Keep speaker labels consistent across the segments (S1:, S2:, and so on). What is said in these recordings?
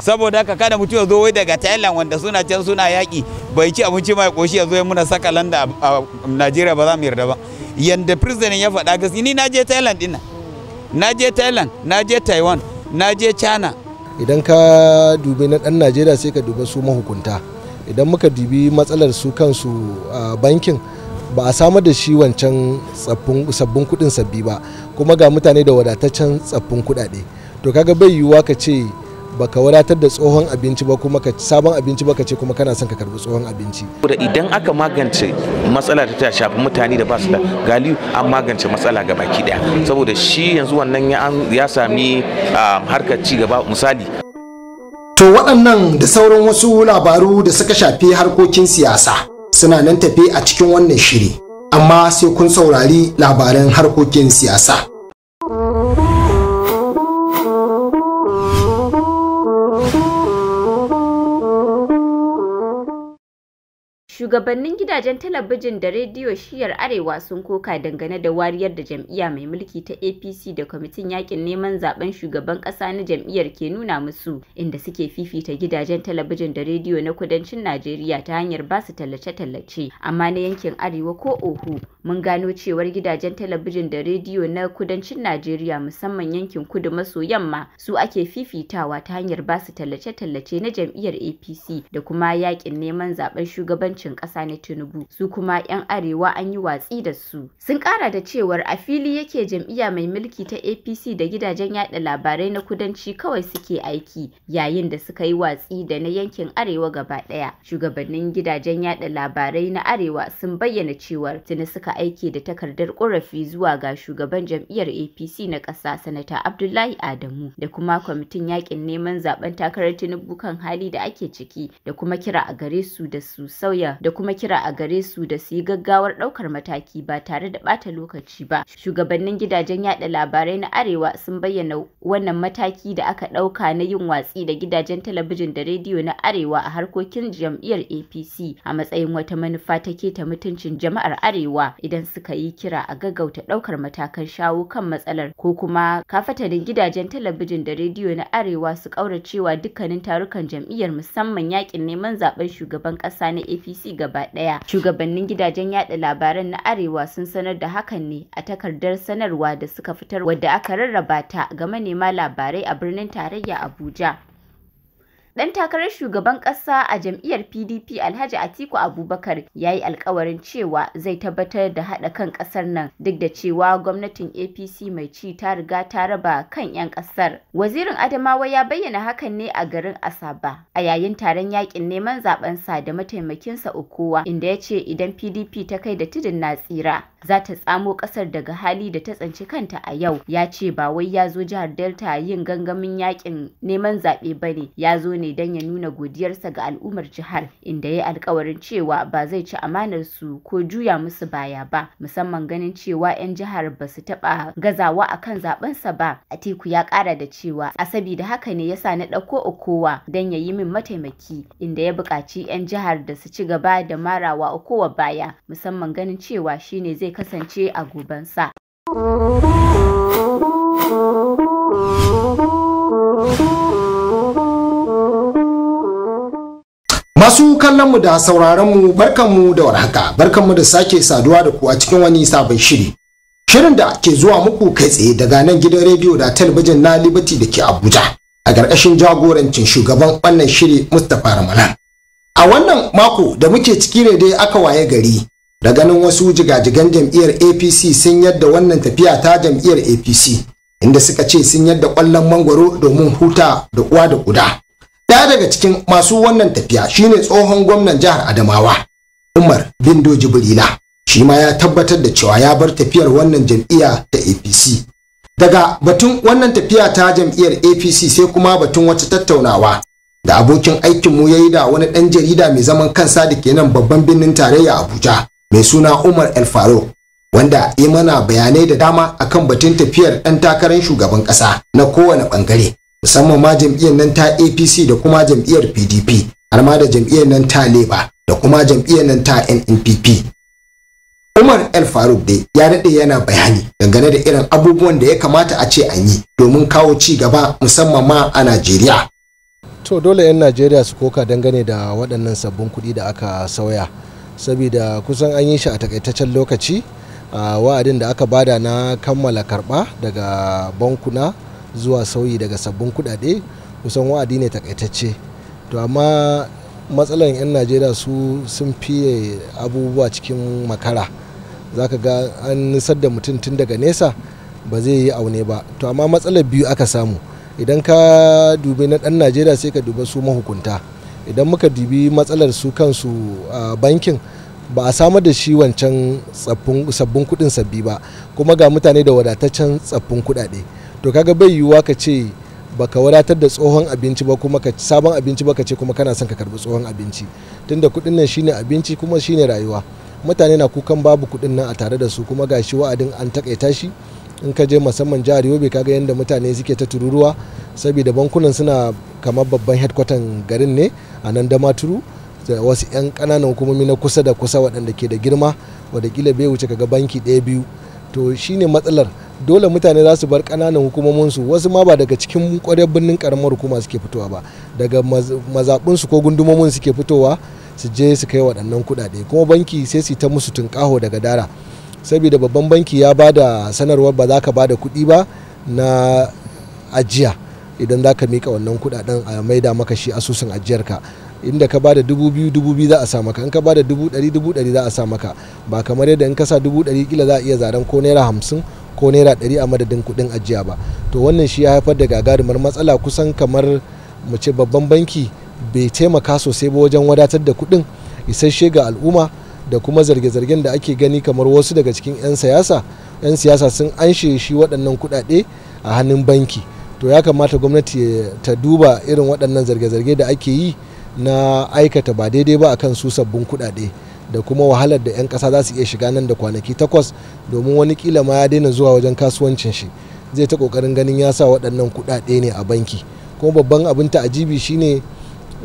S1: saboda haka kada mutum ya zo wai daga thailand wanda suna can suna yaƙi bai ci abinci mai koshi ya zo ya muna saka landa a najeriya ba za mu yarda ba yanda president ya faɗa gaskiya ni na je thailand ɗin na je thailand na je taiwan na je china
S2: idan ka dubi na dan najeriya sai ka dubi su mahukunta idan muka dubi matsalar su kansu a bankin ba a samar da shi wancan sabbin kudin sabbi ba kuma ga mutane da wadataccen tsaffin kudade to kaga bai yiwuwa ka ce baka wadatar da tsohon abinci ba kuma ka sabon abinci ba ka ce kuma kana son ka karbi tsohon abinci
S3: da idan aka magance matsala ta shafi mutane da ba su da galiyu an magance matsala ga baki daya saboda shi yanzu wannan ya sami harkar ci gaba misali to waɗannan
S4: da sauran wasu labaru da suka shafi harkokin siyasa suna nan tafe a cikin wannan shiri amma sai kun saurari labaran harkokin siyasa
S5: Shugabannin gidajen talabijin da rediyo shiyar Arewa sun koka dangane da wariyar da jam'iyya mai mulki ta APC da kwamitin yakin neman zaben shugaban kasa na jam'iyyar ke nuna musu inda suke fifita gidajen talabijin da rediyo na kudancin Najeriya ta hanyar basu tallace-tallace amma na yankin Arewa ko Oho mun gano cewar gidajen talabijin da rediyo na kudancin Najeriya musamman yankin kudu maso yamma su ake fifitawa ta hanyar basu tallace-tallace na jam'iyyar APC da kuma yakin neman zaben shugabancin gwamnatin ƙasa na Tinubu su kuma 'yan arewa an yi watsi da su. Sun ƙara da cewar a fili yake jam'iyya mai mulki ta APC da gidajen yaɗa labarai na kudanci kawai suke aiki yayin da suka yi watsi da na yankin arewa gaba ɗaya. Shugabannin gidajen yaɗa labarai na arewa sun bayyana cewar tuni suka aiki da takardar ƙorafi zuwa ga shugaban jam'iyyar APC na ƙasa sanata Abdullahi Adamu da kuma kwamitin yakin neman zaben takarar Tinubu kan hali da ake ciki da kuma kira a gare su da su sauya da kuma kira a gare su da su yi gaggawar ɗaukar mataki ba tare da bata lokaci ba. Shugabannin gidajen yada labarai na Arewa sun bayyana wannan mataki da aka ɗauka na yin watsi da gidajen talabijin da rediyo na Arewa a harkokin jam'iyyar APC a matsayin wata manufa ta keta mutuncin jama'ar Arewa idan suka yi kira a gaggauta ɗaukar matakan shawo kan matsalar ko kuma kafatanin gidajen talabijin da rediyo na Arewa su ƙauracewa dukkanin tarukan jam'iyyar musamman yakin neman zaben shugaban ƙasa na APC gaba ɗaya. Shugabannin gidajen yada labaran na Arewa sun sanar da hakan ne a takardar sanarwa da suka fitar wadda aka rarraba ta ga manema labarai a birnin tarayya Abuja. Ɗan takarar shugaban ƙasa a jam'iyyar PDP Alhaji Atiku Abubakar ya yi alkawarin cewa zai tabbatar da haɗa kan ƙasar nan duk da cewa gwamnatin APC mai ci ta riga ta raba kan 'yan ƙasar. Wazirin Adamawa ya bayyana hakan ne a garin Asaba a yayin taron yakin neman sa da mataimakinsa Okowa inda ya ce idan PDP ta kai da tudun na tsira za ta tsamo ƙasar daga hali da ta tsanci kanta a yau ya ce ba wai ya zo jihar Delta yin gangamin yakin neman zaɓe bane ya zo ne Idan don ya nuna godiyarsa ga al'ummar jihar inda ya alkawarin cewa ba zai ci amanar su ko juya musu baya ba musamman ganin cewa 'yan jihar ba su taɓa gazawa a akan zaɓensa ba atiku ya ƙara da cewa a sabida haka ne yasa na ɗauko okowa don ya yi min mataimaki inda ya buƙaci 'yan jihar da su ci gaba da marawa okowa baya musamman ganin cewa shine zai kasance a gobensa.
S4: Masu kallon mu da sauraron mu barkan mu da warhaka, mu da sake saduwa da ku a cikin wani sabon shiri. Shirin da ke zuwa muku kai tsaye daga nan gidan rediyo da talabijin na Liberty da ke Abuja, a ƙarƙashin jagorancin shugaban wannan shiri Mustapha Ramalan. A wannan mako da muke ciki ne dai aka waye gari, da ganin wasu jigajigan jam'iyyar APC sun yadda wannan tafiya ta jam'iyyar APC, inda suka ce sun yadda ƙwallon mangwaro domin huta da uwa da guda. Daya daga cikin masu wannan tafiya shine tsohon gwamnan jihar Adamawa, Umar Bindo Jibrila. Shi ma ya tabbatar da cewa ya bar tafiyar wannan jam'iyya ta APC. Daga batun wannan tafiya ta jam'iyyar APC sai kuma batun wata tattaunawa da abokin aikinmu ya yi da wani ɗan jarida mai zaman kansa da ke nan babban birnin tarayya Abuja mai suna Umar El faro Wanda ya mana bayanai da dama akan batun tafiyar ɗan takarar shugaban ƙasa na kowane bangare. musamman ma jam'iyyar nan ta apc da kuma jam'iyyar pdp har ma da jam'iyyar nan ta leba da kuma jam'iyyar nan ta nnpp umar el faruk dai ya daɗe yana bayani dangane da irin abubuwan da ya kamata a ce an yi domin kawo ci gaba musamman ma a najeriya
S2: to dole 'yan najeriya su koka dangane da waɗannan sabbin kuɗi da aka sauya saboda kusan an yi shi a takaitaccen lokaci a ah, wa'adin da aka bada na kammala karɓa daga bankuna zuwa sauyi daga sabbin kudade kusan wa'adi ne takaitacce to amma matsalan 'yan najeriya su sun fiye abubuwa cikin makara za ka ga an nisar da mutum tun daga nesa ba zai yi aune ba to amma matsalar biyu aka samu idan ka dubi na dan najeriya sai ka dubi su mahukunta idan muka dubi matsalar su kansu a bankin ba a samar da shi wancan sabbin kudin sabbi ba kuma ga mutane da wadataccen tsaffin kudade to kaga bai yiwuwa ka ce baka wadatar da tsohon abinci ba kuma ka sabon abinci ba ka ce kuma kana son ka karbi tsohon abinci tunda kuɗin nan shine abinci kuma shine rayuwa mutane na kukan babu kuɗin nan a tare da su kuma gashi wa'adin an takaita shi in ka je musamman jihar yobe kaga yadda mutane suke ta tururuwa saboda bankunan suna kamar babban headquarter garin ne a nan da maturu da wasu 'yan ƙananan hukumomi na kusa da kusa waɗanda ke da girma wadakila bai wuce kaga banki ɗaya biyu to shine matsalar dole mutane za su bar hukumomin su wasu ma ba daga cikin ƙwarar birnin karamar hukuma suke fitowa ba daga mazaɓinsu ko gundumomin suke fitowa su je su kai waɗannan kuɗaɗe kuma banki sai su ta musu tunƙaho daga dara saboda babban banki ya ba da sanarwar ba za ka ba da kuɗi ba na ajiya idan za ka mika wannan kuɗaɗen a maida maka shi asusun ajiyarka inda ka da dubu biyu dubu biyu za a sa maka in ka da dubu ɗari dubu ɗari za a sa maka ba kamar yadda in ka sa dubu ɗari kila za a iya zaren ko naira hamsin ko naira ɗari a madadin kuɗin ajiya ba to wannan shi ya haifar da gagarumar matsala kusan kamar mu ce babban banki bai taimaka sosai ba wajen wadatar da kuɗin isasshe ga al'umma da kuma zarge-zargen da ake gani kamar wasu daga cikin 'yan siyasa 'yan siyasa sun anshe shi waɗannan kuɗaɗe a hannun banki to ya kamata gwamnati ta duba irin waɗannan zarge-zarge da ake yi na aikata ba daidai ba akan su sabbin kuɗaɗe. da kuma wahalar da 'yan ƙasa za su iya shiga nan da kwanaki takwas domin wani kila ma ya daina zuwa wajen kasuwancin shi zai ta kokarin ganin ya sa waɗannan kuɗaɗe ne a banki kuma babban abin ta'ajibi shine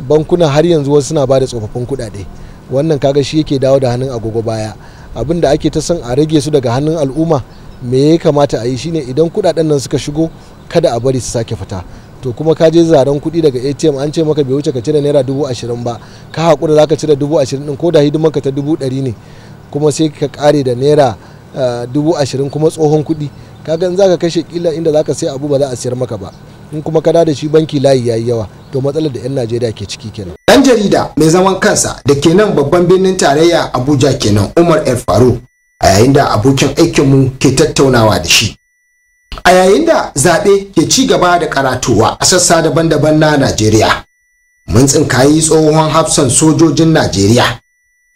S2: bankuna har yanzu wasu suna ba da tsofaffin kuɗaɗe wannan kaga shi yake dawo da hannun agogo baya abin da ake ta son a rage su daga hannun al'umma me ya kamata a yi shine idan kuɗaɗen nan suka shigo kada a bari su sake fita to kuma ka je zaren kuɗi daga atm an ce maka bai wuce ka cire naira dubu ashirin ba ka haƙura za ka cire dubu ashirin ɗin ko da ka ta dubu ɗari ne kuma sai ka kare da naira eh, dubu ashirin kuma tsohon kuɗi ka gan za ka kashe kila inda za ka sai abu ba za a siyar maka ba in kuma ka da shi banki layi yayi yawa to matsalar da 'yan najeriya ke ciki kenan
S4: dan jarida mai zaman kansa da ke nan babban birnin tarayya abuja kenan umar el faru a yayin da abokin aikinmu ke tattaunawa da shi a yayin da zaɓe ke ci gaba da karatuwa a sassa daban-daban na Najeriya. Mun tsinkayi tsohon hafsan sojojin Najeriya,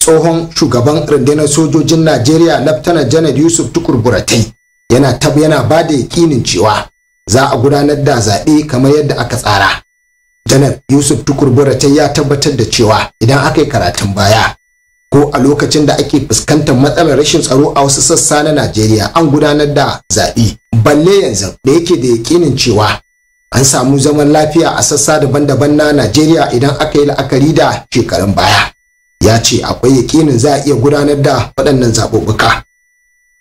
S4: tsohon shugaban rundunar sojojin Najeriya Laftanar Janar Yusuf Tukur Buratai yana tab yana ba da yakinin cewa za a gudanar da zaɓe kamar yadda aka tsara. Janar Yusuf Tukur Buratai ya tabbatar da cewa idan aka yi karatun baya ko a lokacin da ake fuskantar matsalar rashin tsaro a wasu sassa na Najeriya an gudanar da zaɓe. Balle yanzu da yake da yakinin cewa an samu zaman lafiya a sassa daban-daban na Najeriya idan aka yi la'akari da shekarun baya. Ya ce akwai yakinin za a iya gudanar da waɗannan zaɓuɓɓuka.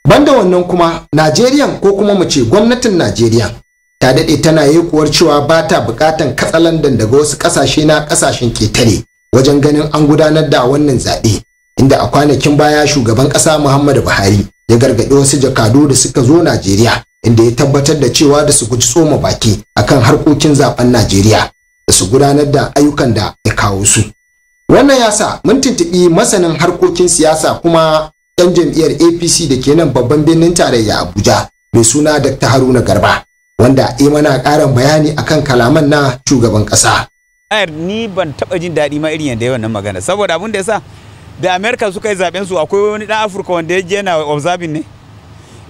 S4: Banda wannan kuma Najeriya ko kuma mu ce gwamnatin Najeriya ta daɗe tana yekuwar cewa ba ta buƙatan katsalandan daga wasu ƙasashe na ƙasashen ketare wajen ganin an gudanar da wannan zaɓe. inda a kwanakin baya shugaban kasa Muhammadu Buhari ya gargaɗi wasu jakadu da suka zo Najeriya inda ya tabbatar da cewa da su guji tsoma baki akan harkokin zaben Najeriya da su gudanar da ayyukan da ya kawo su. Wannan ya sa mun tuntuɓi masanin harkokin siyasa kuma ɗan jam'iyyar APC da ke nan babban birnin tarayya Abuja mai suna Dr. Haruna Garba wanda ya mana ƙarin bayani akan kalaman na shugaban ƙasa.
S1: Ayar ni ban taɓa jin daɗi ma irin yadda yawan nan magana saboda abin da ya sa da america suka yi zaben su akwai wani dan afirka wanda ya je na observing ne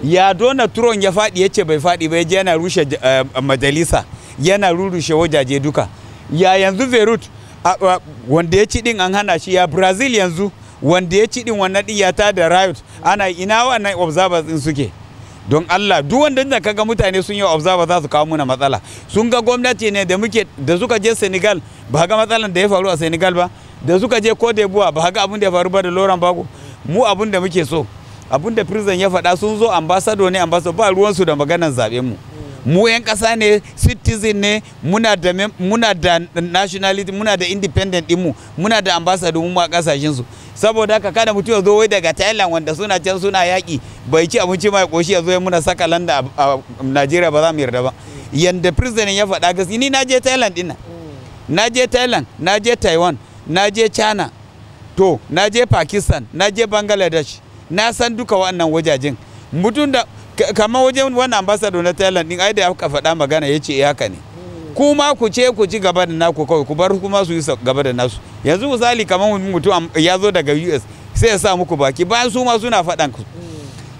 S1: ya dona turon ya fadi ya ce bai faɗi ba ya je yana rushe eh, majalisa yana rurushe wajaje duka ya yanzu Verut. wanda ya ci din an hana shi ya brazil yanzu wanda ya ci din wannan din ya da riot ana ina wannan observers din suke don Allah duk wanda da kaga mutane sun yi observer za su kawo muna matsala sun ga gwamnati ne da muke da suka je Senegal ba ga matsalan da ya faru a Senegal ba da suka je Cote d'Ivoire ba haka abin da ya faru ba da Laurent Bago mu abin da muke so abin da prison ya faɗa sun zo ambassador ne ambassador ba ruwansu da maganar zaɓe mu mu 'yan ƙasa ne citizen ne muna da muna da nationality muna da independent mu. muna da ambassador mu a ƙasashen su saboda haka kada mutum ya zo wai daga Thailand wanda suna can suna yaƙi bai ci abinci mai koshi ya zo ya muna saka landa a Najeriya ba za mu yarda ba yanda president ya faɗa gaskiya ni na je Thailand dinnan na je Thailand na je Taiwan na je china to na je pakistan na je bangladesh na san duka wannan wajajen mutum da kamar wajen wannan ambassador na thailand din ai da ya faɗa magana ya ce ya eh, ne kuma ku ce ku ci gaba da naku kawai ku bar kuma su yi gaba da nasu yanzu misali kamar mutum ya zo daga us sai ya sa muku baki bayan su ma suna faɗan ku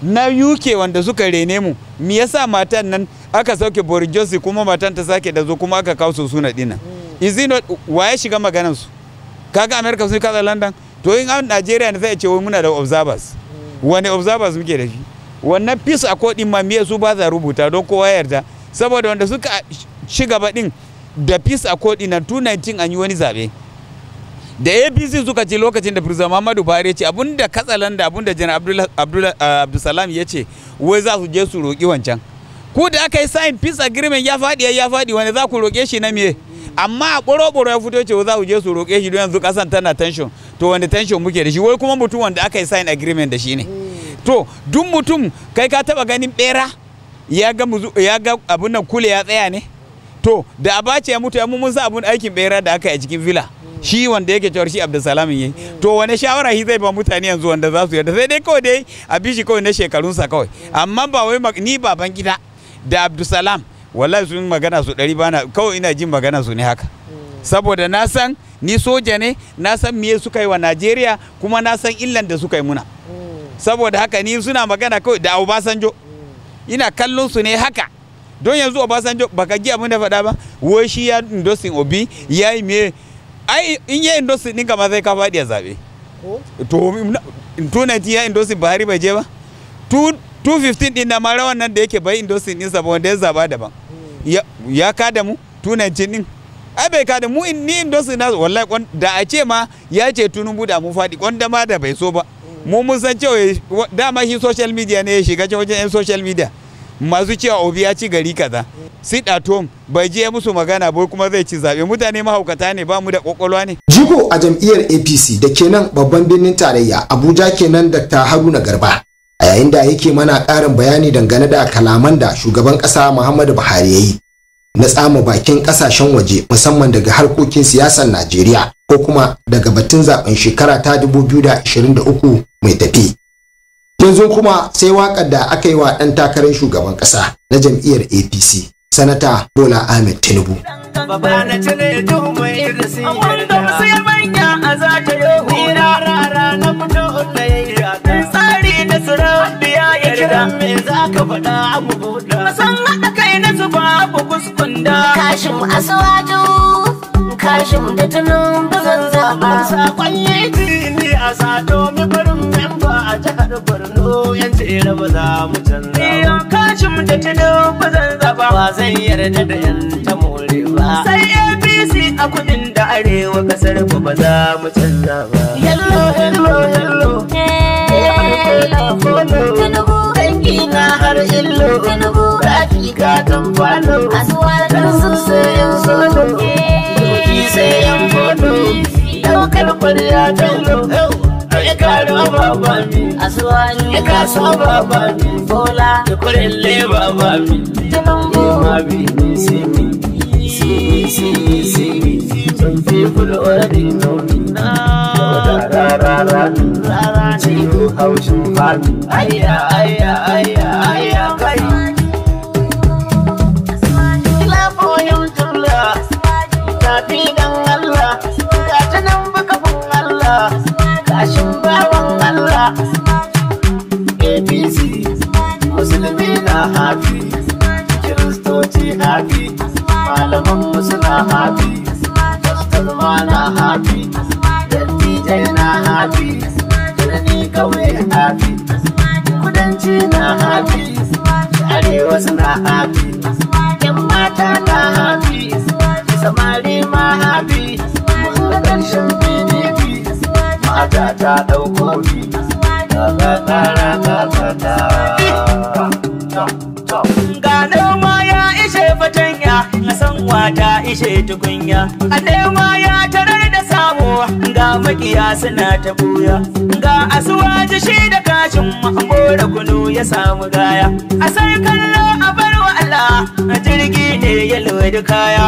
S1: na uk wanda suka rene mu me yasa matan nan aka sauke boris kuma matan ta sake da zo kuma aka kawo su suna dina izino wa ya shiga maganar su kaga america sun kasa london to in an najeriya ne sai a ce wai muna da observers wani observers muke da shi wannan peace accord din ma me su ba za rubuta don kowa yarda saboda wanda suka ci gaba din da peace accord din na 2019 an yi wani zabe da apc suka ce lokacin da firza muhammadu buhari ya ce abinda katsalanda abinda janar ah, abdulsalam ya ce wai za su je su roƙi wancan ku da aka yi sign peace agreement ya faɗi ya faɗi wani za ku roƙe shi na me amma a ɓoro ya fito cewa za ku je su roƙe shi don yanzu ƙasan tana tension to wani tension muke da shi wai kuma mutum wanda aka yi sign agreement da shi ne mm. to duk mutum kai ka taɓa ganin bera ya ga abun nan kule ya tsaya ne to da bace ya mutu ya mun sa abun aikin ɓera da aka yi a cikin villa mm. shi wanda yake cewar shi abdulsalamin yi mm. to wani shawara shi zai ba mutane yanzu wanda za su yarda sai dai kawai dai a bishi kawai na shekarunsa kawai amma ba wai ni baban gida da abdulsalam wallahi sun magana su ɗari bana kawai ina jin magana su ne haka saboda na san ni soja ne na san miye suka yi wa najeriya kuma na san illan da suka yi muna saboda haka ni suna magana kawai da obasanjo ina kallon su ne haka don yanzu obasanjo baka ji abin da faɗa ba wai shi ya endorsing obi ya yi miye ai in ya endorsing ɗin kama zai kafa faɗi a zaɓe to 2019 ya endorsing buhari bai je ba 215 din na mara wannan da yake bai indosin din sa ba wanda ya zaba daban ya kada mu 219 din ai bai kada mu ni indosin na wallahi da a ce ma ya ce tunubu da mu fadi kwanda ma da bai so ba mu mun san cewa dama shi social media ne ya shiga wajen yan social media masu cewa obi ya ci gari kaza sit at home bai je musu magana ba kuma zai ci zabe mutane mahaukata ne ba mu da ƙwaƙwalwa ne
S4: jigo a jam'iyyar APC da kenan babban birnin tarayya Abuja kenan Dr Haruna Garba a yayin da yake mana ƙarin bayani dangane da kalaman da shugaban ƙasa Muhammadu Buhari ya yi na tsama bakin ƙasashen waje musamman daga harkokin siyasar Najeriya ko kuma daga batun zaben shekara ta 2023 mai tafi. Yanzu kuma sai waƙar da aka yi wa ɗan takarar shugaban ƙasa na jam'iyyar APC, Sanata Bola Ahmed Tinubu.
S6: Baba faɗa me za ka faɗa abu buɗa masan haɗa kai na zuba abu kuskunda kashin asuwaju kashin da tunan bazan zaba. sakon yi ne a sato mi barin memba a jihar borno yan tsere ba za mu canza ba kashin da tunan bazan zaba. ba zan yarda da yan ta more ba sai apc a kudin da arewa kasar ba za mu canza ba da Illo Enugu Rafi Kakan Kwano Kan sun sayan solo Duki sayan fodo Daukar kwarya kallo Ya karo babami Asuwani Ya babami Bola Da babami Tunumbu Mabi ni simi Simi simi simi Some people already rararani cikin haushin fami ayya ayya ayya ayya kai ila boyon turla tafi dan Allah ga ta nan bukafin Allah gashin baban Allah APC musulmi na hafi kiristoci hafi malaman musulma na hafi kai na hafi jirani kawai hafi kudanci na hafi arewa suna hafi yan mata na hafi samari ma hafi mun karshen pdp mata ta ɗauko bi ka ka ka ka ta ishe tukunya a nema ya tarar da sabo ga makiya suna ta buya ga asuwa shi da kashin mako kunu ya samu gaya a sai kallo a bar wa Allah a jirgi ne ya lura kaya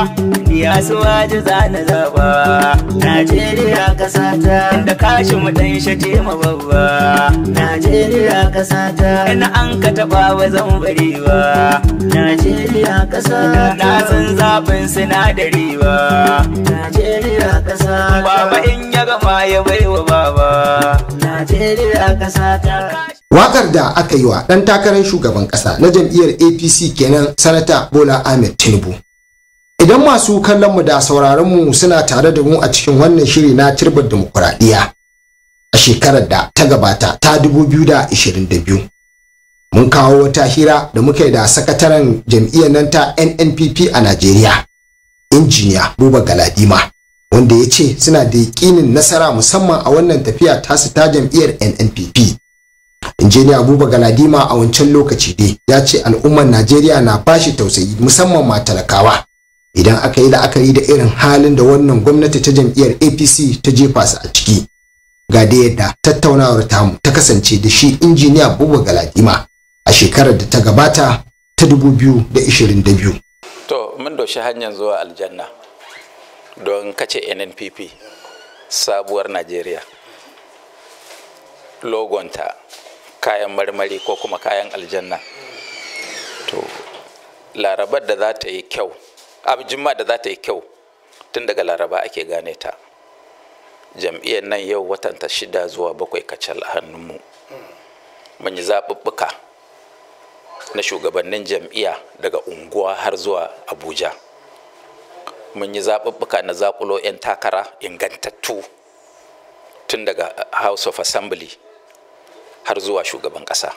S6: ya suwa ji zana zaba Najeriya kasata da kashin mutan shate ma babba Najeriya kasata ina an ka taba ba zan bari ba Najeriya kasata na san zafin sinadari ba Najeriya ƙasa Baba in ya gama ya baiwa baba Najeriya ƙasa ta
S4: Wakar da aka yi wa ɗan takarar shugaban ƙasa na jam'iyyar APC kenan Sanata Bola Ahmed Tinubu. Idan masu kallonmu da sauraronmu suna tare da mu a cikin wannan shiri na cirbar dimokuraɗiyya a shekarar da ta gabata ta 2022. Mun kawo wata hira da muka yi da sakataren jam'iyyar nan ta NNPP a Najeriya, injiniya buba galadima wanda ya ce suna da yakinin nasara musamman a wannan tafiya tasu ta jam'iyyar nnpp injiniya Buba galadima a wancan lokaci dai ya ce al'ummar najeriya na bashi tausayi musamman ma talakawa idan aka yi la'akari da irin halin da wannan gwamnati ta jam'iyyar apc ta jefa su a ciki ga da yadda tattaunawar tamu ta kasance da shi injiniya Buba galadima a shekarar da ta gabata ta 2022
S7: mun doshi hanyar zuwa aljanna don kace nnpp sabuwar najeriya logonta kayan marmari ko kuma kayan aljanna to larabar da za ta yi kyau da za ta yi kyau tun daga laraba ake gane ta jam'iyyar nan yau watanta shida zuwa bakwai kacal a hannunmu mun yi zaɓuɓɓuka na shugabannin jam'iyya daga unguwa har zuwa abuja mun yi zaɓuɓɓuka na zaƙulo 'yan takara ingantattu tun daga house of assembly har zuwa shugaban ƙasa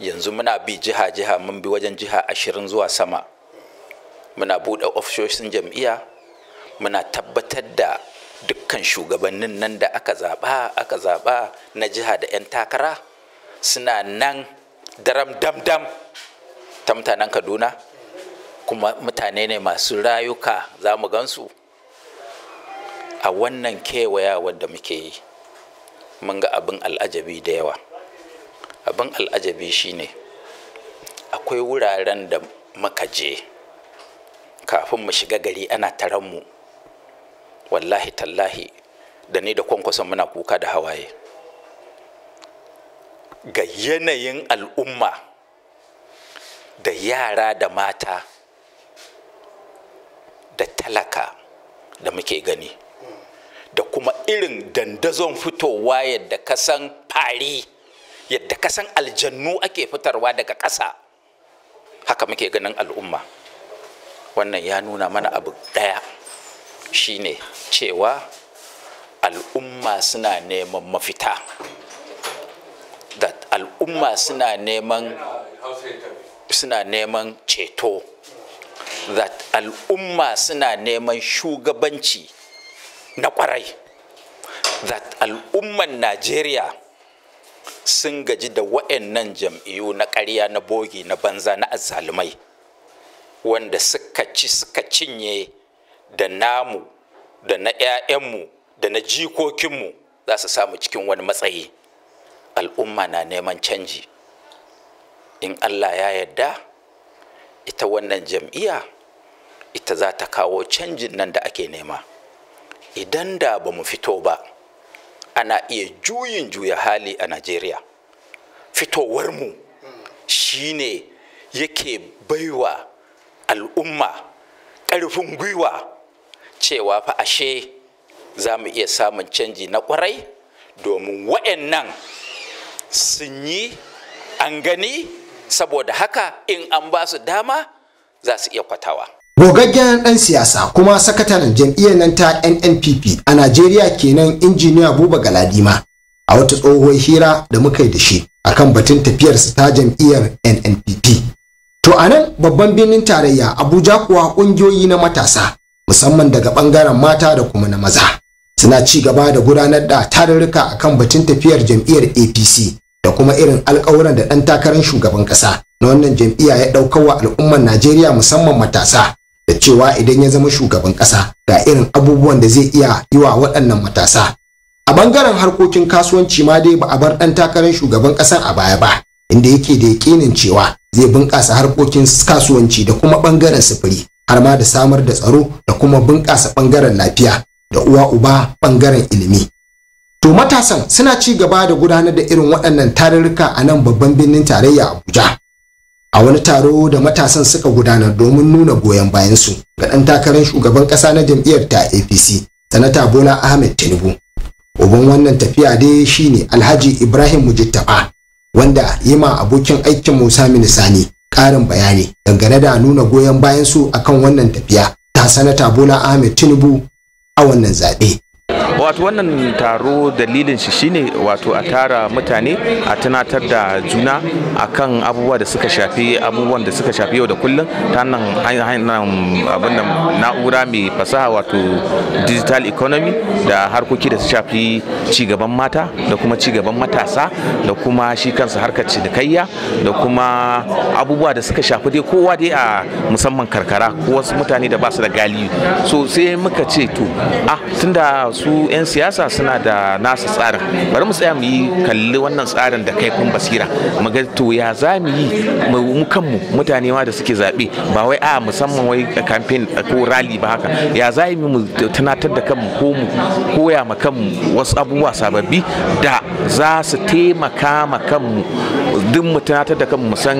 S7: yanzu muna bi jiha-jiha mun bi wajen jiha ashirin zuwa sama muna buɗe ofishoshin jam'iyya muna tabbatar da dukkan shugabannin nan da aka zaɓa aka zaɓa na jiha da 'yan takara suna nan daram dam dam ta mutanen kaduna kuma mutane ne masu rayuka za mu gansu a wannan kewayawar da muke yi mun ga abin al'ajabi da yawa abin al'ajabi shine akwai wuraren da muka je kafin mu shiga gari ana taron mu wallahi tallahi da ni da kwankwason muna kuka da hawaye ga yanayin al'umma da yara da mata da talaka da muke gani da kuma irin dandazon fitowa yadda kasan fari yadda kasan aljannu ake fitarwa daga ƙasa haka muke ganin al'umma wannan ya nuna mana abu ɗaya shine cewa al'umma suna neman mafita da al'umma suna neman suna neman ceto that al'umma suna neman shugabanci na kwarai that al'umman najeriya sun gaji da wa'annan jam'iyyu na ƙarya na bogi na banza na azzalumai wanda suka ci suka cinye da namu da na 'ya'yanmu da na jikokinmu za su samu cikin wani matsayi al'umma na neman canji in allah ya yarda ita wannan jam'iyya ita za ta kawo canjin nan da ake nema idan da ba mu fito ba ana iya juyin juya hali a najeriya fitowar fitowarmu shine yake baiwa al'umma ƙarfin gwiwa cewa fa ashe za mu iya samun canji na ƙwarai domin waɗannan sun yi an gani saboda haka in an ba su dama za su iya kwatawa
S4: gogaggen ɗan siyasa kuma sakataren jam'iyyar nan ta nnpp a najeriya kenan injiniya buba galadima a wata tsohuwar hira da muka yi da shi akan batun tafiyar su ta jam'iyyar nnpp to a nan babban birnin tarayya abuja kuwa ƙungiyoyi na matasa musamman daga ɓangaren mata da kuma na maza suna ci gaba da gudanar da tarurruka akan batun tafiyar jam'iyyar apc da kuma irin alƙawuran da ɗan takarar shugaban ƙasa na wannan jam'iyya ya wa al'ummar Najeriya musamman matasa da cewa idan ya zama shugaban ƙasa ga irin abubuwan da zai iya yi wa waɗannan matasa. A bangaren harkokin kasuwanci ma dai ba a bar ɗan takarar shugaban ƙasan a baya ba, inda yake da yaƙinin cewa zai bunƙasa harkokin kasuwanci da kuma ɓangaren sufuri har ma da samar da tsaro da kuma bunƙasa ɓangaren lafiya da uwa uba bangaren ilimi. to matasan suna ci gaba da gudanar da irin waɗannan tarurruka a nan babban birnin tarayya abuja a wani taro da matasan suka gudanar domin nuna goyon bayansu ga ɗan takarar shugaban ƙasa na jam'iyyar ta apc sanata bola ahmed tinubu uban wannan tafiya dai shine alhaji ibrahim mujittafa wanda yi ma abokin aikin musa sani ƙarin bayani dangane da nuna goyon bayansu akan wannan tafiya ta sanata bola ahmed tinubu a wannan zaɓe
S3: wato wannan taro dalilin shi shine wato a tara mutane a tunatar da juna akan abubuwa da suka shafi abubuwan da suka shafi yau da kullum ta nan abin da na'ura mai fasaha wato digital economy da harkoki da su shafi cigaban mata da kuma cigaban matasa da kuma shi kansa harkar cinikayya da kuma abubuwa da suka shafi dai kowa dai a musamman karkara ko wasu mutane da ba su da galiyu so sai muka ce to ah tunda su 'yan siyasa suna da nasa tsarin bari mu tsaya mu yi kalli wannan tsarin da kaifin basira mu ga to ya za mu yi mu kanmu mutane ma da suke zaɓe ba wai a musamman wai kamfen ko rally ba haka ya za mu tunatar da kanmu ko mu koya ma kanmu wasu abubuwa sababbi da za su taimaka ma kanmu duk mu tunatar da kanmu san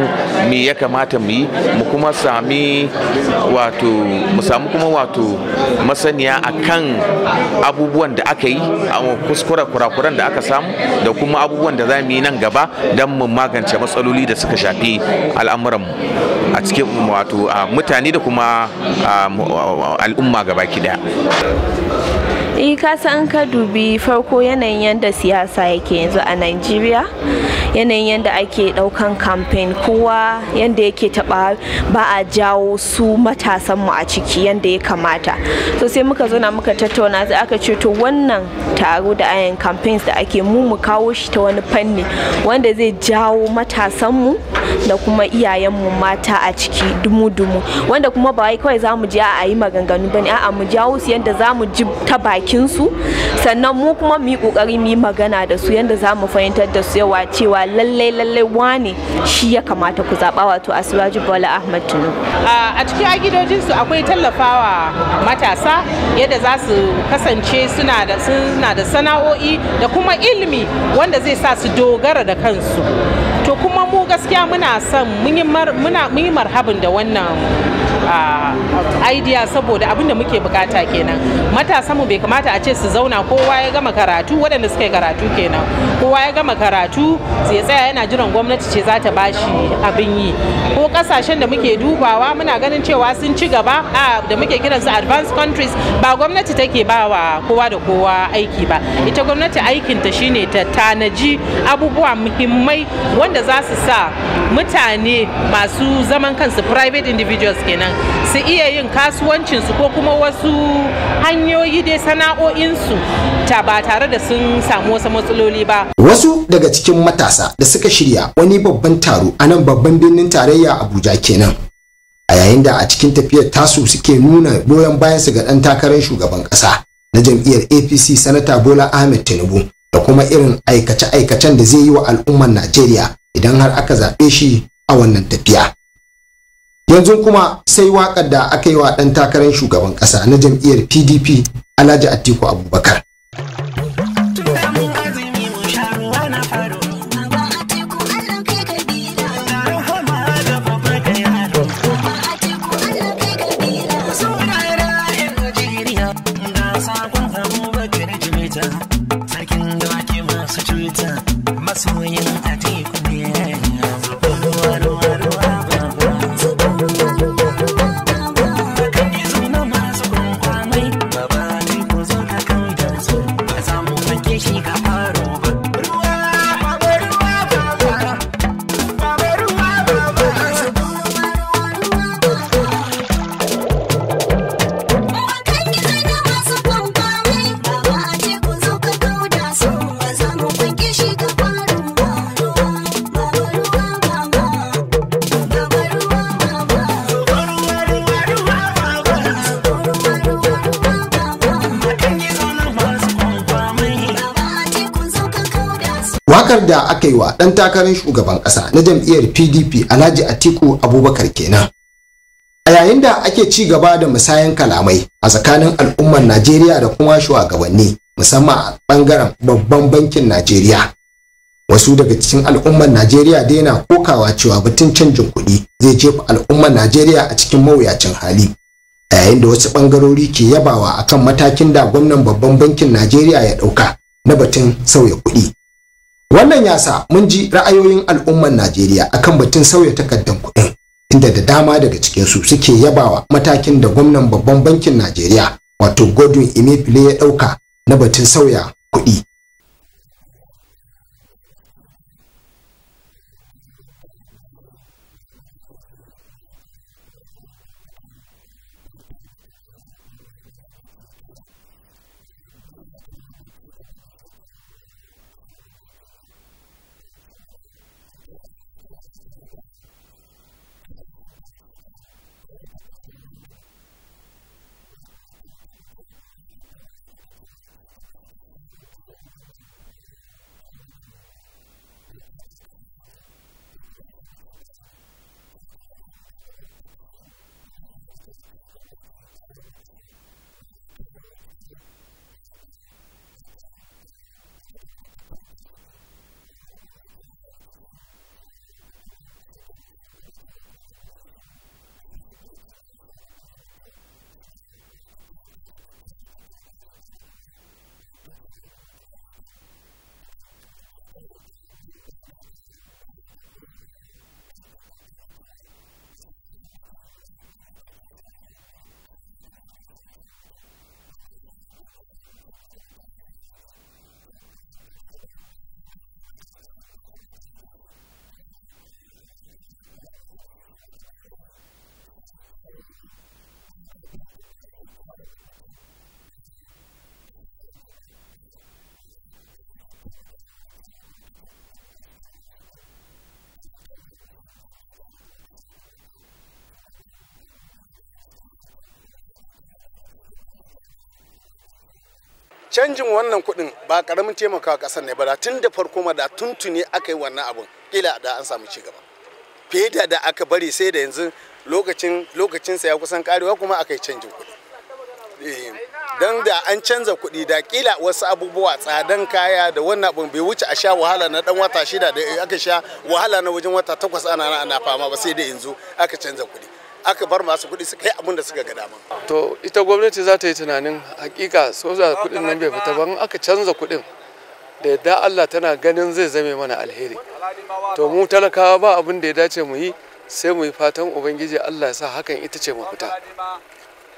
S3: me ya kamata mu yi mu kuma sami wato mu samu kuma wato masaniya akan abubuwan da aka yi a kuskura kurakuran da aka samu da kuma abubuwan da za mu yi nan gaba don mu magance matsaloli da suka shafi al'amuran a cikin wato mutane da kuma al'umma gaba ki daya
S5: eh ka san ka dubi farko yanayin yadda siyasa yake yanzu a nigeria yanayin yadda ake daukan campaign kowa yadda yake taba ba a jawo su matasanmu a ciki yadda ya kamata so sai muka zo na muka tattauna sai aka ce to wannan taro da ayan campaigns da ake mu mu kawo shi ta wani fanni wanda zai jawo matasanmu da kuma iyayen mata a ciki dumu-dumu wanda kuma ba wai kawai za mu je a yi maganganu ne a'a mu jawo su yadda za mu ji ta baki su sannan mu kuma mu yi mu yi magana da su yadda za mu fahimtar da su yawa cewa lallai lallai wane shi ya kamata ku zaɓa wato Asiwaju Bola Ahmad Tinubu. A cikin
S8: agidojinsu akwai tallafawa matasa yadda za su kasance suna da sana'o'i da kuma ilimi wanda zai sa su dogara da kansu. gaskiya muna son mun yi marhabin da wannan idea saboda abin da muke bukata kenan matasa mu bai kamata a ce su zauna kowa ya gama karatu waɗanda suka yi karatu kenan kowa ya gama karatu sai tsaya yana jiran gwamnati ce za ta bashi abin yi ko kasashen da muke dubawa muna ganin cewa sun ci gaba da muke kiran su advanced countries ba gwamnati take ba wa kowa da kowa aiki ba ita gwamnati aikinta shine ta tanaji abubuwa muhimmai wanda za su sa mutane masu zaman kansu private individuals kenan su iya yin kasuwancinsu ko kuma wasu hanyoyi dai sana'o'insu ta ba tare da sun samu wasu matsaloli ba.
S4: Wasu daga cikin matasa da suka shirya wani babban taro a nan babban birnin tarayya Abuja kenan. A yayin da a cikin tafiyar tasu suke nuna goyon bayansu ga ɗan takarar shugaban ƙasa na jam'iyyar APC Sanata Bola Ahmed Tinubu da kuma irin aikace-aikacen da zai yi wa al'ummar Najeriya idan har aka zaɓe shi a wannan tafiya yanzu kuma sai waƙar da aka yi wa ɗan takarar shugaban ƙasa na jam'iyyar pdp alhaji atiku abubakar dan takarar shugaban kasa na jam'iyyar PDP Alhaji Atiku Abubakar kenan a yayin da ake ci gaba da musayan kalamai a tsakanin al'ummar Najeriya da kuma shugabanni musamman a bangaren babban bankin Najeriya wasu daga cikin al'ummar Najeriya daina kokawa cewa batun canjin kuɗi zai jefa al'ummar Najeriya a cikin mawuyacin hali a yayin da wasu bangarori ke yabawa akan matakin da gwamnan babban bankin Najeriya ya ɗauka na batun sauya kuɗi wannan ya sa mun ji ra'ayoyin al'umman najeriya akan batun sauya takardar kuɗin inda da dama daga cikin su suke yabawa matakin da gwamnan babban bankin najeriya wato godwin emefiele ya ɗauka na batun sauya kuɗi canjin wannan kuɗin ba ƙaramin taimakawa ƙasar ne ba da tun da farko ma da tuntuni aka yi wannan abun kila da an samu ci gaba fiye da da aka bari sai da yanzu lokacin lokacinsa ya kusan karewa kuma aka yi canjin kuɗi eh, don da an canza kuɗi da kila wasu abubuwa tsadan kaya da wannan abun bai wuce a sha wahala na dan wata shida da aka sha wahala na wajen wata takwas ana ana fama ba sai da yanzu aka canza kuɗi aka bar masu kuɗi suka yi abin da suka ga dama.
S1: To ita gwamnati za ta yi tunanin hakika soja kuɗin nan bai fita ba in aka canza kuɗin da yadda Allah tana ganin zai zame mana alheri. To mu talakawa ba abin da ya dace mu yi sai mu yi fatan Ubangiji Allah ya sa hakan ita ce mu fita.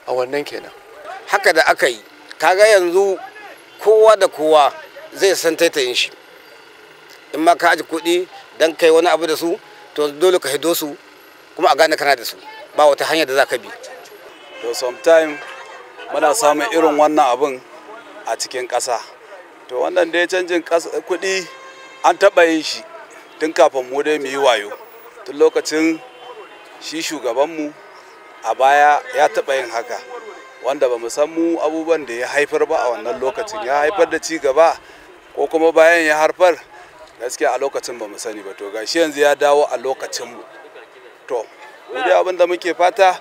S1: A wannan kenan. Haka da aka yi kaga yanzu
S4: kowa da kowa zai san taitayin shi. In ma ka aji kuɗi don kai
S7: wani abu da su to dole ka hido su kuma a gane kana da su. ba wata hanya da za ka bi to sometime muna samun irin wannan abun a cikin ƙasa to wannan da ya canjin kuɗi an taɓa yin shi tun kafin mu dai mu yi wayo tun lokacin shi shugabanmu a baya ya taɓa yin haka wanda ba mu san mu abubuwan da ya haifar ba a wannan lokacin ya haifar da ci gaba ko kuma bayan ya harfar gaskiya a lokacin ba mu sani ba to gashi yanzu ya dawo a lokacinmu to mu dai abin da muke fata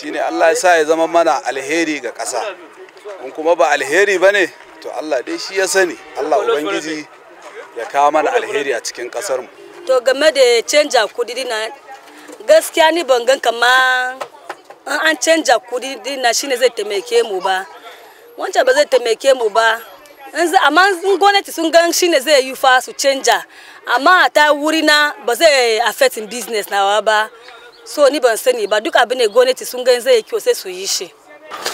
S7: shine Allah ya sa ya zama mana alheri ga kasa in kuma ba alheri ba ne to Allah dai shi ya sani Allah ubangiji ya kawo mana alheri a cikin kasar mu
S5: to game da canja kudi na gaskiya ni ban gan kama an canja kudi na shine zai taimake mu ba wancan ba zai taimake mu ba amma in gwamnati sun gan shine zai yi fa su canja amma ta wuri na ba zai affect business nawa ba so ni ban sani ba duk abin da gwamnati sun gani zai kyau sai su yi shi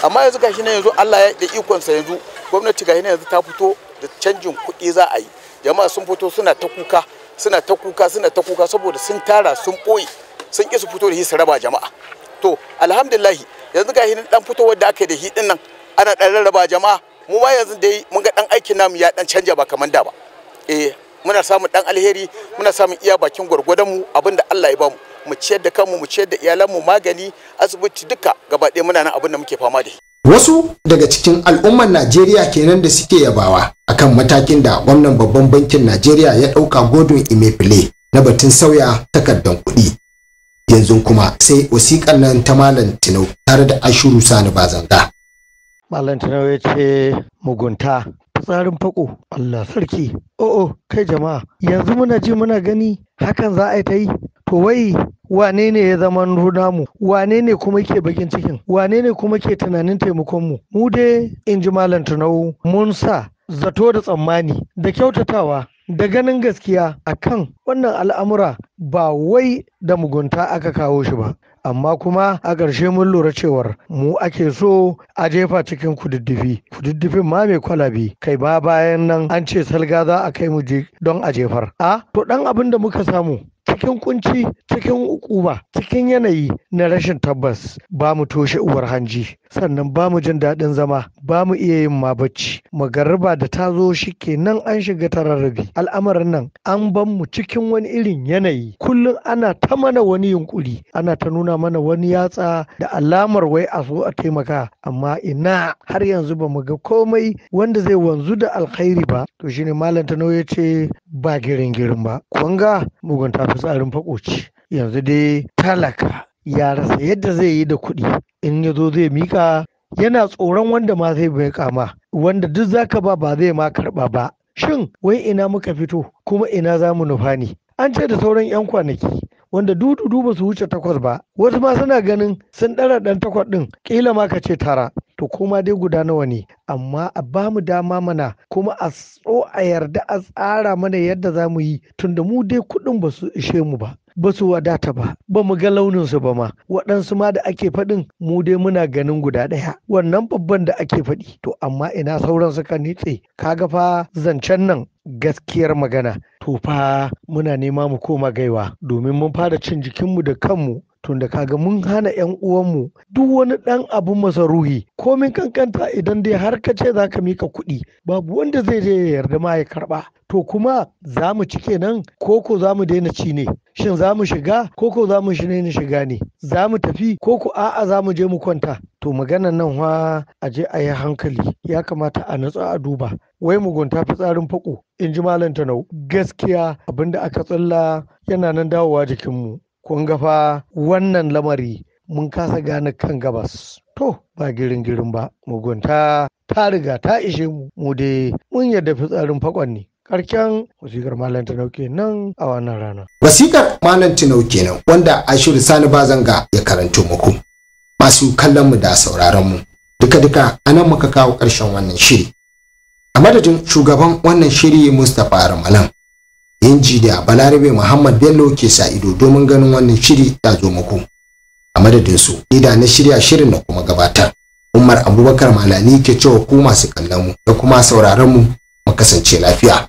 S1: amma yanzu gashi ne yanzu Allah ya da ikonsa yanzu gwamnati gashi ne yanzu ta fito da canjin kuɗi za a yi jama'a sun fito suna ta kuka suna ta kuka suna ta kuka saboda sun tara sun ɓoye sun ki su fito da shi su raba jama'a to alhamdulillah yanzu gashi ne dan fitowar da aka yi da shi din nan ana dan rarraba jama'a mu ma yanzu dai mun ga dan aikin namu ya dan canja ba kamar da ba eh muna samun dan alheri muna samun iya bakin gwargwadon mu abinda Allah ya bamu mu ciyar da kanmu mu ciyar da iyalanmu magani asibiti duka gaba ɗaya muna nan abin da muke fama da
S4: wasu daga cikin al'ummar najeriya kenan da suke yabawa akan matakin da gwamnan babban bankin najeriya ya ɗauka godon imefile na batun sauya takardar kuɗi yanzu kuma sai wasiƙar nan ta malam tinau tare da ashuru sani bazanga
S9: malam tinau ya ce mugunta fitsarin fako Allah sarki o'o oh, oh, kai jama'a yanzu muna ji muna gani hakan za a yi ta yi to wai wane ne ya zama namu wane ne kuma ke bakin cikin wane ne kuma ke tunanin taimakon mu mu dai in ji malam tunau mun sa zato da tsammani da kyautatawa da ganin gaskiya a kan wannan al'amura ba wai da mugunta aka kawo shi ba amma kuma a ƙarshe mun lura cewar mu ake so a jefa cikin kududdufi kududdufin ma mai kwalabi kai ba bayan nan an ce salga za a kai mu je don a jefar a to ɗan abin da muka samu cikin kunci cikin ukuba cikin yanayi na rashin tabbas ba mu toshe uwar hanji sannan ba mu jin daɗin zama ba mu iya yin ma bacci magarba da ta zo shi kenan an shiga ta tararrabi al'amarin nan an ban mu cikin wani irin yanayi kullum ana ta mana wani yunkuri ana ta nuna mana wani yatsa da alamar wai a zo a taimaka amma ina har yanzu ba mu ga komai wanda zai wanzu da alkhairi ba to shine malam tano ya ce ba girin girin ba kwanga mugunta fi tsarin fakoci yanzu dai talaka ya rasa yadda zai yi da kuɗi in ya zo zai mika yana tsoron wanda ma zai bai kama wanda duk zaka ba ba zai ma karba ba shin wai ina muka fito kuma ina za mu nufa ne an ce da sauran 'yan kwanaki wanda dudu ba su wuce takwas ba wasu ma suna ganin sun ɗara ɗan takwas ɗin ƙila ma ka ce tara to kuma dai guda nawa ne amma a ba mu dama mana kuma a so a yarda a tsara mana yadda za mu yi tunda mu dai kuɗin ba su ishe mu ba ba su wadata ba ba mu ga launinsu ba ma waɗansu ma da ake faɗin mu dai muna ganin guda ɗaya wannan babban da ake faɗi to amma ina sauran suka nitse kaga fa zancen nan gaskiyar magana to fa muna nema mu koma gaiwa domin mun fara cin jikinmu da kanmu tunda kaga mun hana 'yan uwanmu duk wani ɗan abu masaruhi komin kankanta idan dai har ka ce za ka mika kuɗi babu wanda zai je ya yarda ma ya karɓa to kuma za mu ci kenan ko za mu daina ci ne shin za mu shiga koko za mu daina shiga ne za mu tafi koko a'a za mu je mu kwanta to maganan nan wa a je a yi hankali ya kamata a natsa a duba wai mugunta fitsarin fako in ji malam tanau gaskiya abinda aka tsalla yana nan dawowa jikinmu kun ga fa wannan lamari mun kasa gane kan gabas to ba girin girin ba mugunta ta riga ta ishe mu mu dai mun yarda fitsarin fakon ne Karken wasikar Malam Tinau kenan a wannan rana.
S4: Wasikar Malam Tinau kenan wanda Ashiru Sani Bazanga ya karanto muku. Masu kallon mu da sauraron mu. Duka-duka anan muka kawo ƙarshen wannan shiri. A madadin shugaban wannan shiri Mustapha Ramalan. Injiniya Balarabe Muhammad Bello ke sa ido domin ganin wannan shiri ya zo muku. A madadin su, ni da na shirya shirin na kuma gabatar. Umar Abubakar Malami ke cewa ku masu kallon mu da kuma sauraron mu mu kasance lafiya.